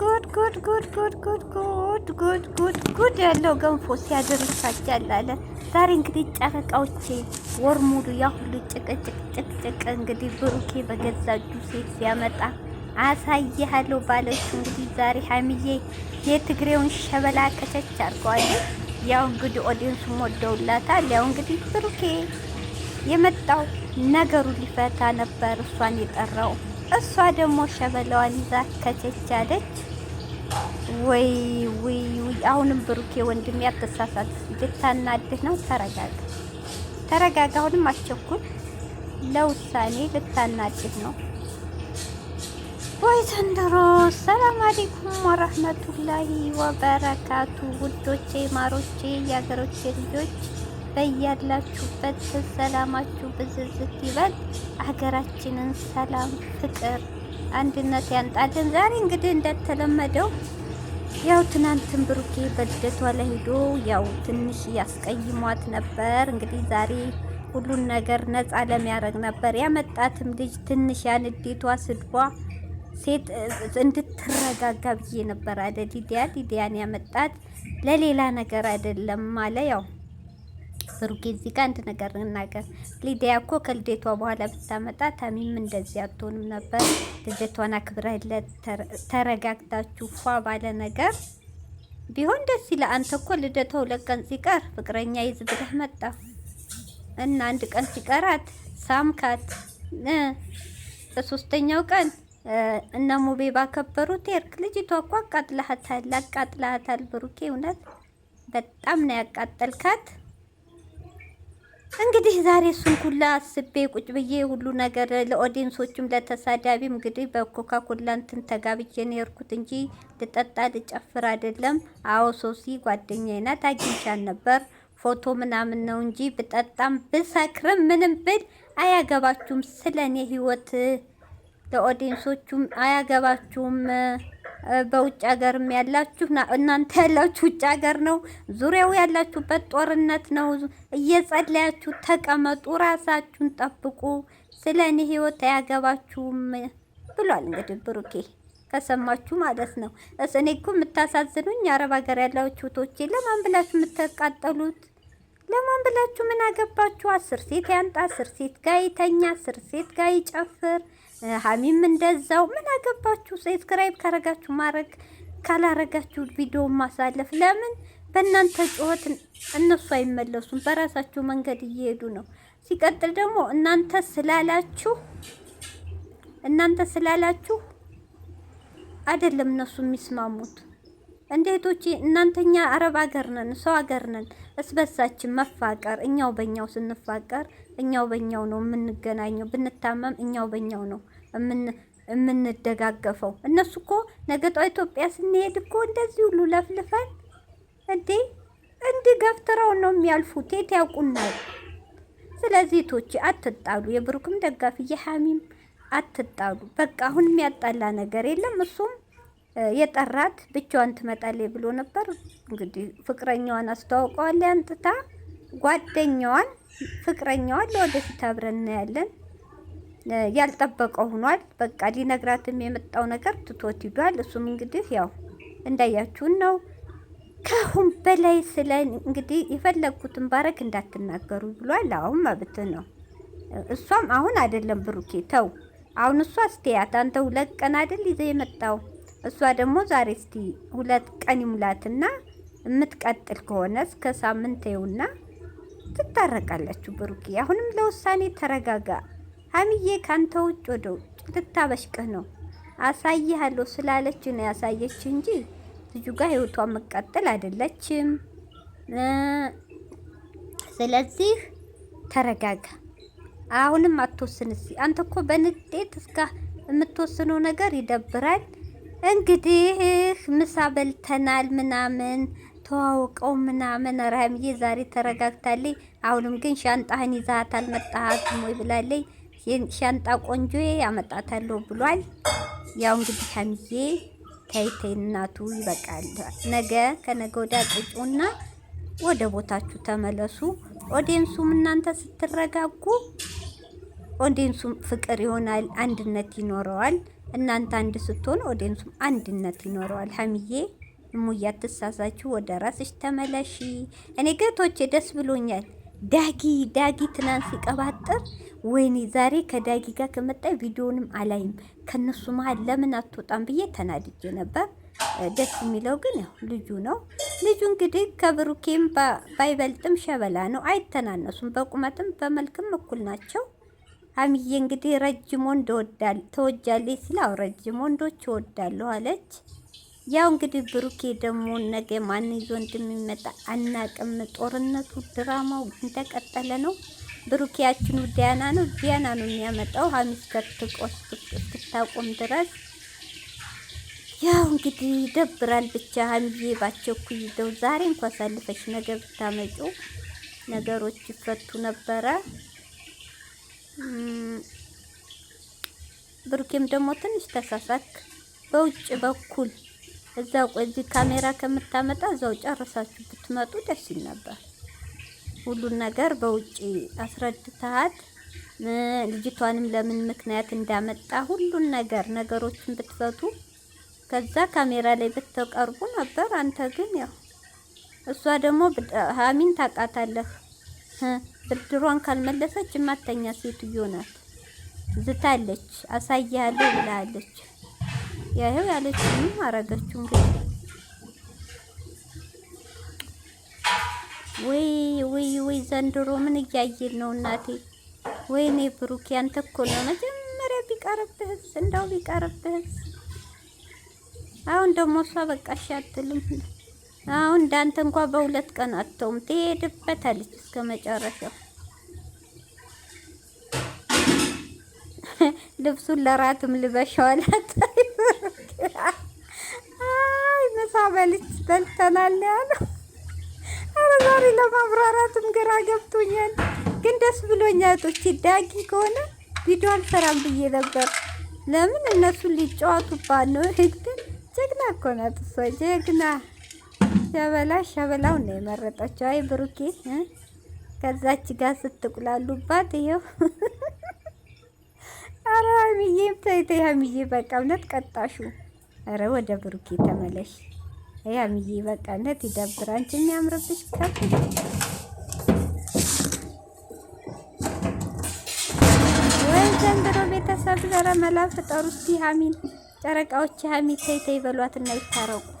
ጉድ ጉድ ጉድ ጉድ ጉድ ጉድ ጉድ ጉድ ጉድ ያለው ገንፎ ሲያደርሳችኋል አለ። ዛሬ እንግዲህ ጨረቃዎቼ ወር ሙሉ ያ ሁሉ ጭቅጭቅ ጭቅጭቅ እንግዲህ ብሩኬ በገዛ እጁ ሴት ሲያመጣ አሳይሃለሁ ባለች እንግዲህ ዛሬ ሀሚዬ የትግሬውን ሸበላ ከቸች አድርገዋለች። ያው እንግዲህ ኦዲየንሱም ወደውላታል። ያው እንግዲህ ብሩኬ የመጣው ነገሩ ሊፈታ ነበር እሷን የጠራው እሷ ደግሞ ሸበላዋን ይዛ ከቸች አለች። ወይ ወይ ወይ! አሁንም ብሩኬ ወንድሜ አትሳሳት፣ ልታናድህ ነው። ተረጋጋ፣ ተረጋጋ። አሁንም አስቸኩል ለውሳኔ ልታናድህ ነው። ወይ ዘንድሮ። ሰላም አለይኩም ወራህመቱላሂ ወበረካቱ። ውዶቼ ማሮቼ፣ የሀገሮቼ ልጆች በያላችሁበት ሰላማችሁ ብዝዝት ይበል። ሀገራችንን ሰላም፣ ፍቅር፣ አንድነት ያንጣልን። ዛሬ እንግዲህ እንደተለመደው ያው ትናንትን ብሩኬ በልደቷ ላይ ሄዶ ያው ትንሽ ያስቀይሟት ነበር። እንግዲህ ዛሬ ሁሉን ነገር ነፃ ለሚያደርግ ነበር ያመጣትም ልጅ ትንሽ ያንዴቷ፣ ስድቧ ሴት እንድትረጋጋ ብዬ ነበር አደ ሊዲያ። ሊዲያን ያመጣት ለሌላ ነገር አይደለም አለ ያው ብሩኬ እዚህ ጋር አንድ ነገር እናገር። ሊዲያ እኮ ከልደቷ በኋላ ብታመጣ ታሚም እንደዚህ አትሆንም ነበር። ልደቷን አክብረህለት ተረጋግታችሁ ፏ ባለ ነገር ቢሆን ደስ ይላል። አንተ እኮ ልደቷ ሁለት ቀን ሲቀር ፍቅረኛ ይዝ ብለህ መጣ እና አንድ ቀን ሲቀራት ሳምካት፣ በሶስተኛው ቀን እነ ሙቤ ባከበሩት የርክ ልጅቷ እኮ አቃጥላሃታል፣ አቃጥላሃታል ብሩኬ እውነት በጣም ነው ያቃጠልካት። እንግዲህ ዛሬ እሱን ኩላ አስቤ ቁጭ ብዬ ሁሉ ነገር ለኦዲንሶቹም ለተሳዳቢም እንግዲህ በኮካ ኮላ እንትን ተጋብዬ ነው የሄድኩት እንጂ ልጠጣ ልጨፍር አይደለም። አዎ ሶሲ ጓደኛዬ ናት፣ አግኝቻት ነበር ፎቶ ምናምን ነው እንጂ ብጠጣም ብሰክርም ምንም ብል አያገባችሁም። ስለኔ ህይወት ለኦዲንሶቹም አያገባችሁም። በውጭ ሀገርም ያላችሁ እናንተ ያላችሁ ውጭ ሀገር ነው፣ ዙሪያው ያላችሁበት ጦርነት ነው። እየጸለያችሁ ተቀመጡ፣ ራሳችሁን ጠብቁ። ስለ እኔ ህይወት አያገባችሁም ብሏል። እንግዲህ ብሩኬ ከሰማችሁ ማለት ነው። እኔ እኮ የምታሳዝኑኝ የአረብ ሀገር ያላችሁ ቶቼ፣ ለማን ብላችሁ የምትቃጠሉት? ለማን ብላችሁ ምን አገባችሁ? አስር ሴት ያንጣ፣ አስር ሴት ጋር ይተኛ፣ አስር ሴት ጋር ይጨፍር ሀሚም እንደዛው። ምን አገባችሁ? ሰብስክራይብ ካረጋችሁ ማድረግ ካላረጋችሁ ቪዲዮ ማሳለፍ። ለምን በእናንተ ጩኸት እነሱ አይመለሱም፣ በራሳቸው መንገድ እየሄዱ ነው። ሲቀጥል ደግሞ እናንተ ስላላችሁ እናንተ ስላላችሁ አይደለም እነሱ የሚስማሙት። እንዴቶች እናንተኛ አረብ ሀገር ነን፣ ሰው ሀገር ነን። እስበሳችን መፋቀር እኛው በእኛው ስንፋቀር እኛው በእኛው ነው የምንገናኘው። ብንታመም እኛው በእኛው ነው የምንደጋገፈው። እነሱ እኮ ነገጧ ኢትዮጵያ ስንሄድ እኮ እንደዚህ ሁሉ ለፍልፈን እንዴ እንዲህ ገፍትረው ነው የሚያልፉት። የት ያውቁናል? ስለዚህ ቶቼ አትጣሉ፣ የብሩክም ደጋፊ የሐሚም አትጣሉ። በቃ አሁን የሚያጣላ ነገር የለም። እሱም የጠራት ብቻዋን ትመጣለች ብሎ ነበር። እንግዲህ ፍቅረኛዋን አስተዋውቀዋል አንጥታ ጓደኛዋን ፍቅረኛዋ ለወደፊት አብረን እናያለን። ያልጠበቀው ሆኗል። በቃ ሊነግራትም የመጣው ነገር ትቶት ሂዷል። እሱም እንግዲህ ያው እንዳያችሁን ነው። ከሁን በላይ ስለ እንግዲህ የፈለግኩትን ባረግ እንዳትናገሩ ብሏል። አሁን መብት ነው። እሷም አሁን አይደለም ብሩኬ ተው፣ አሁን እሷ ስትያት አንተ ሁለት ቀን አይደል ይዘ የመጣው እሷ ደግሞ ዛሬ እስቲ ሁለት ቀን ይሙላትና የምትቀጥል ከሆነ እስከ ሳምንት ይውና ትታረቃላችሁ። ብሩኪ አሁንም ለውሳኔ ተረጋጋ። ሀሚዬ ካንተ ውጭ ወደ ውጭ ልታበሽቅህ ነው። አሳይሃለሁ ስላለች ነው ያሳየች እንጂ ልጁ ጋር ህይወቷ መቀጠል አይደለችም። ስለዚህ ተረጋጋ። አሁንም አትወስን። እስኪ አንተ እኮ በንዴት እስካ የምትወስነው ነገር ይደብራል። እንግዲህ ምሳ በልተናል ምናምን ተዋውቀው ምናምን ረህምዬ ዛሬ ተረጋግታለች። አሁንም ግን ሻንጣህን ይዛት አልመጣህም ወይ ብላለች። ሻንጣ ቆንጆ ያመጣታለሁ ብሏል። ያው እንግዲህ ሀምዬ ተይተይ እናቱ ይበቃል። ነገ ከነገ ወዲያ ቁጩና ወደ ቦታችሁ ተመለሱ። ኦዲየንሱም እናንተ ስትረጋጉ ኦዲየንሱም ፍቅር ይሆናል፣ አንድነት ይኖረዋል። እናንተ አንድ ስትሆን ኦዲየንሱም አንድነት ይኖረዋል። ሀምዬ ሙያ ትሳሳችሁ ወደ ራስሽ ተመለሺ። እኔ ገቶቼ ደስ ብሎኛል። ዳጊ ዳጊ ትናንት ሲቀባጥር ወይኔ ዛሬ ከዳጊ ጋር ከመጣ ቪዲዮንም አላይም ከነሱ መሀል ለምን አትወጣም ብዬ ተናድጄ ነበር። ደስ የሚለው ግን ያው ልጁ ነው። ልጁ እንግዲህ ከብሩኬም ባይበልጥም ሸበላ ነው። አይተናነሱም፣ በቁመትም በመልክም እኩል ናቸው። አሚዬ እንግዲህ ረጅም ወንድ ተወጃለች ስላው ረጅም ወንዶች እወዳለሁ አለች። ያው እንግዲህ ብሩኬ ደግሞ ነገ ማን ይዞ እንደሚመጣ አናቅም። ጦርነቱ ድራማው እንደቀጠለ ነው። ብሩኬያችን ዲያና ነው ዲያና ነው የሚያመጣው ሀሚስ ከትቆስ እስክታቆም ድረስ ያው እንግዲህ ይደብራል። ብቻ ሀሚዬ ባቸኩ ይዘው ዛሬ እንኳ ሳልፈሽ ነገ ብታመጩ ነገሮች ይፈቱ ነበረ። ብሩኬም ደግሞ ትንሽ ተሳሳክ በውጭ በኩል እዛ እዚህ ካሜራ ከምታመጣ እዛው ጨርሳችሁ ብትመጡ ደስ ይል ነበር። ሁሉን ነገር በውጪ አስረድተሃት ልጅቷንም ለምን ምክንያት እንዳመጣ ሁሉን ነገር ነገሮችን ብትፈቱ ከዛ ካሜራ ላይ ብትቀርቡ ነበር። አንተ ግን ያው እሷ ደግሞ ሀሚን ታውቃታለህ። ብድሯን ካልመለሰች ማተኛ ሴትዮ ናት። ዝታለች፣ አሳያለሁ ብላለች። ያው ያለችኝ አረገችው። እንግዲህ ወይ ወይ ወይ ዘንድሮ ምን እያየን ነው እናቴ? ወይኔ ብሩክ ያንተ እኮ ነው መጀመሪያ። ቢቀርብህስ እንዳው ቢቀርብህስ። አሁን ደግሞ እሷ በቃሽ አትልም። አሁን እንዳንተ እንኳን በሁለት ቀን አተውም ትሄድበታለች እስከ መጨረሻው። ልብሱን ለራትም ልበሻዋላት። አይ ምሳ በልች በልተናል ያለው። ኧረ ዛሬ ለማብራራትም ግራ ገብቶኛል፣ ግን ደስ ብሎኛል። ጦች ዳጊ ከሆነ ቪዲዮ አልሰራም ብዬ ነበር። ለምን እነሱ ሊጫወቱባት ነው። ህግን ጀግና እኮ ናት እሷ ጀግና። ሸበላ ሸበላው ነው የመረጠችው። አይ ብሩኬ ከዛች ጋር ስትቁላሉባት ይኸው ኧረ ሀይሚዬም ተይ ተይ ሀይሚዬ በቃ እውነት ቀጣሹ። ኧረ ወደ ብሩኬ ተመለሽ። አይ ሀይሚዬ በቃ እውነት ይደብር። አንቺ የሚያምርብሽ ከፍ ወይ ዘንድሮ ቤተሰብ ዘረ መላ ፍጠሩ እስኪ ሀሚን ጨረቃዎች ሀሚ ተይ ተይ በሏት እና ይታረቁ።